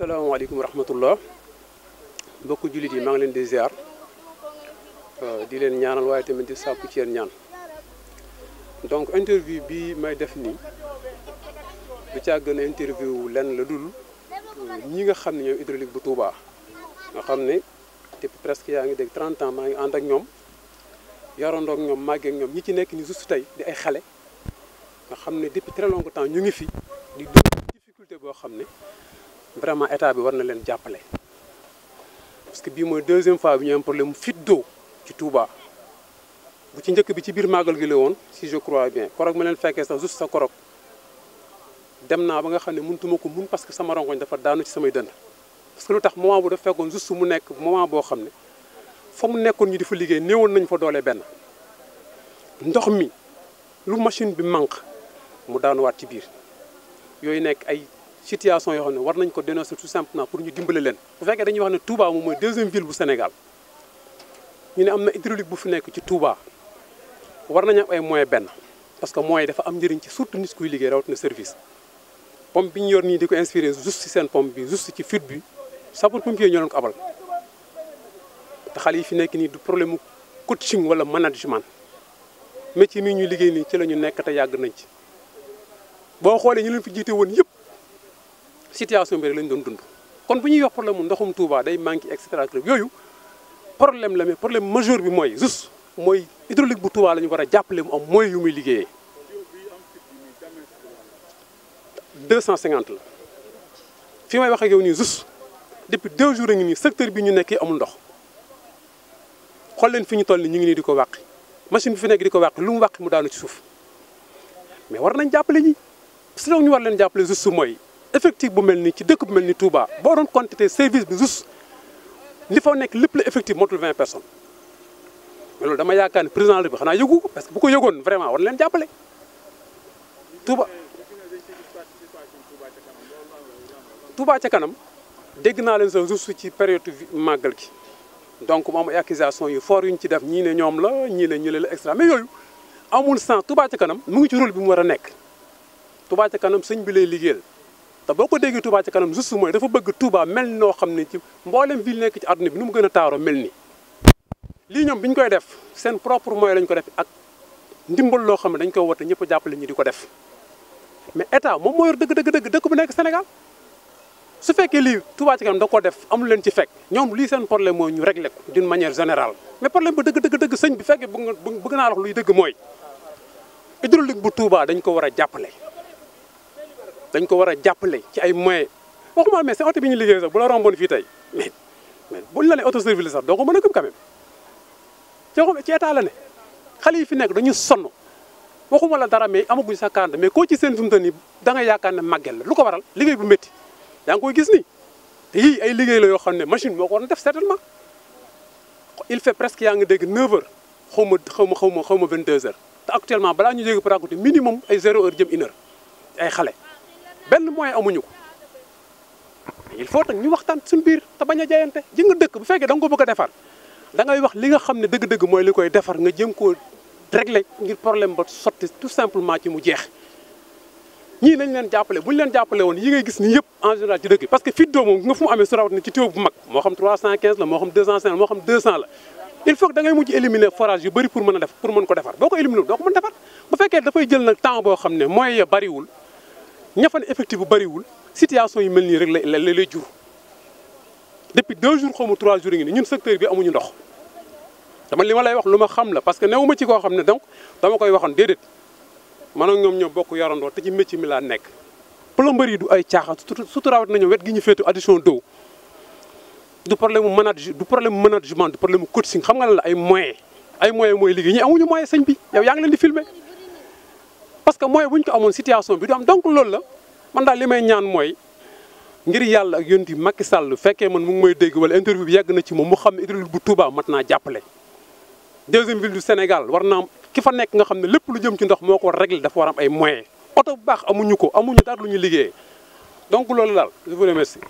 salaamaaleykum wa rahmatullah mbokku jullit yi maa ngi leen di ziar euh, di leen ñaanal waaye tamit di sàkku ci yéen ñaan donc interview bi may def nii du caa gën a interview lenn la dul euh, ñi nga xam ne ñoom hydraulique bu tuubaa nga xam ne depuis presque yaa ngi dégg 30 ans maa ngi ànd ak ñoom yarandoog ñoom màggeek ñoom ñi ci nekk ni juste tey di ay xale nga xam ne depuis très longtemps ñu ngi fi di difficulté boo xam ne vraiment état bi war na leen jàppale parce que bii mooy deuxième fois bi ñu am mu fit d'eau ci Touba bu ci njëkk bi ci biir màggal gi la woon si je crois bien korog ma leen fekkee sax juste sa korog dem naa ba nga xam ne mënutuma ko mun parce que sama rongoñ dafa daanu ci samay dënd parce que lu tax moment bu dafa fekkoon juste mu nekk moment boo xam ne foo mu nekkoon ñu di fa liggéey néewoon nañu fa doole benn ndox mi lu machine bi manque mu daanuwaat ci biir nekk ay situation yoo xam ne war nañ ko dénoncer tout simplement pour ñu dimbale leen bu fekkee dañuy wax ne Touba moom mooy deuxième ville bu Sénégal ñu ne am na hydraulique bu fi nekk ci Touba war nañ am ay moyens benn parce que moyens dafa am njëriñ ci surtout nit kuy liggéey rawatina service pompe bi ñu yor nii di ko inspiré juste ci seen pompe bi juste ci fuite bi sapeur pompier ñoo leen ko abal te xale yi fi nekk nii du problème mu coaching wala management métier mii ñuy liggéey nii ci la ñu nekk yàgg nañ ci boo xoolee ñu leen fi jiite woon yëpp situation bi rek lañ doon dund kon bu ñuy wax problème mu ndoxum Touba day manqué et cetera yooyu problème la mais problème majeur bi mooy juste mooy hydraulique bu Touba la ñu war a jàppale mu am mooy yu muy liggéeyee la fi may waxee yow nii juste depuis deux jours a ngi nii secteur bi ñu nekkee amul ndox xool leen fi ñu toll nii ñu ngi nii di ko wàq machine bi fi nekk di ko wàq lu mu wàq mu daanu ci suuf mais war nañ jàppale ñi si ñu war leen jàppale juste mooy. effective bu mel nii ci dëkk bu mel ni Touba boo doon quantité service bi juste li fa nekk lépp la effectif motul 20 personnes dama yaakaar ne président bi xanaa yëgu parce que bu ko yëgoon vraiment war na leen jàppale Touba. Touba ca kanam dégg naa leen sa juste ci période màggal gi donc moom am ay accusations yu fort yu ñu ci def ñii ne ñoom la ñii ne ñu leen la extra mais yooyu amul sens Touba ci kanam mu ngi ci rôle bi mu war a nekk Touba ca kanam sëñ bi lay liggéeyal. te boo ko déggee Touba ci kanam juste mooy dafa bëgg Touba mel ni noo xam ne ci mboolem ville nekk ci àdduna bi nu mu gën a taaroo mel ni lii ñoom bi ñu koy def seen propre mooy lañ ko def ak ndimbal loo xam ne dañ koy woote ñëpp jàppale ñi di ko def mais état moom moo dëgg dëgg dëgg dëkk bu nekk Sénégal su fekkee lii Touba ci da koo def amul leen ci fekk ñoom lii seen problème mooy ñu réglé ko d'une manière générale mais problème ba dëgg dëgg dëgg sëñ bi fekkee bëgg naa wax luy dëgg mooy hydraulique bu Touba dañ ko war a jàppale dañ ko war a jàppale ci ay moyens waxuma mais sa oto bi ñu liggéey sax bu la romboon fii tey mais mais buñ la nee autoservice sax doo ko mën a gëm quand ci ci état la ne xale yi fi nekk dañu sonn waxuma la dara mais amaguñ sa kànd mais koo ci seen tumta ni da nga yaakaar ne màgget la lu ko waral liggéey bu métti yaa ngi koy gis ni yii ay liggéey la yoo xam ne machine moo ko waroon def certainement il fait presque yaa ngi dégg 9 xaw ma xaw ma xaw ma xaw ma 22 heures te actuellement balaa ñu yéegi par minimum ay 0 heure jëm 1 heure ay xale benn moyen amuñu ko il faut nag ñu waxtaan suñu biir te bañ a jayante ji nga dëkk bu fekkee da ko bëgg a defar da wax li nga xam ne dëgg-dëgg mooy li koy defar nga koo régler ngir problème ba jeex ñii ngay gis ni yëpp en ci dëkk parce que FIDO moom nga fu mu amee su ne ci tuyau bu mag moo xam 315 la moo xam 250 moo la il faut que da éliminer forage yu bëri pour mën a def pour mën ko defar boo ko éliminer doo ko mën defar bu fekkee dafay jël nag temps boo xam ne moyens ya ña fa effectif bu bëriwul situation yu mel nii rek la lay jur depuis deux jours xaw mu trois jours yi ngi ne ñun secteur bi amuñu ndox dama li ma lay wax lu ma xam la parce que newuma ci koo xam ne donc dama koy waxoon déedéet man ak ñoom ñoo bokk yorandoo te ci métier mi laa nekk. plomberie yi du ay caaxaan suturaawat nañu wet gi ñu féetu addition d'eau du problème mu manage du problème mu management du xam nga lan la ay moyens ay moyens mooy liggéey ñi amuñu yaa ngi leen di filmer parce que mooy bu ñu ko amoon situation bi du am donc loolu la man daal li may ñaan mooy ngir yàlla ak yonent bi Macky Sall bu fekkee man mu ngi may dégg wala interview bi yàgg na ci moom mu xam ne Idrissa bu Touba mat naa jàppale. deuxième ville du Sénégal war naa ki fa nekk nga xam ne lépp lu jëm ci ndox moo ko réglé dafa war am ay moyens oto bu baax amuñu ko amuñu dara lu ñu liggéey donc loolu daal je vous remercie.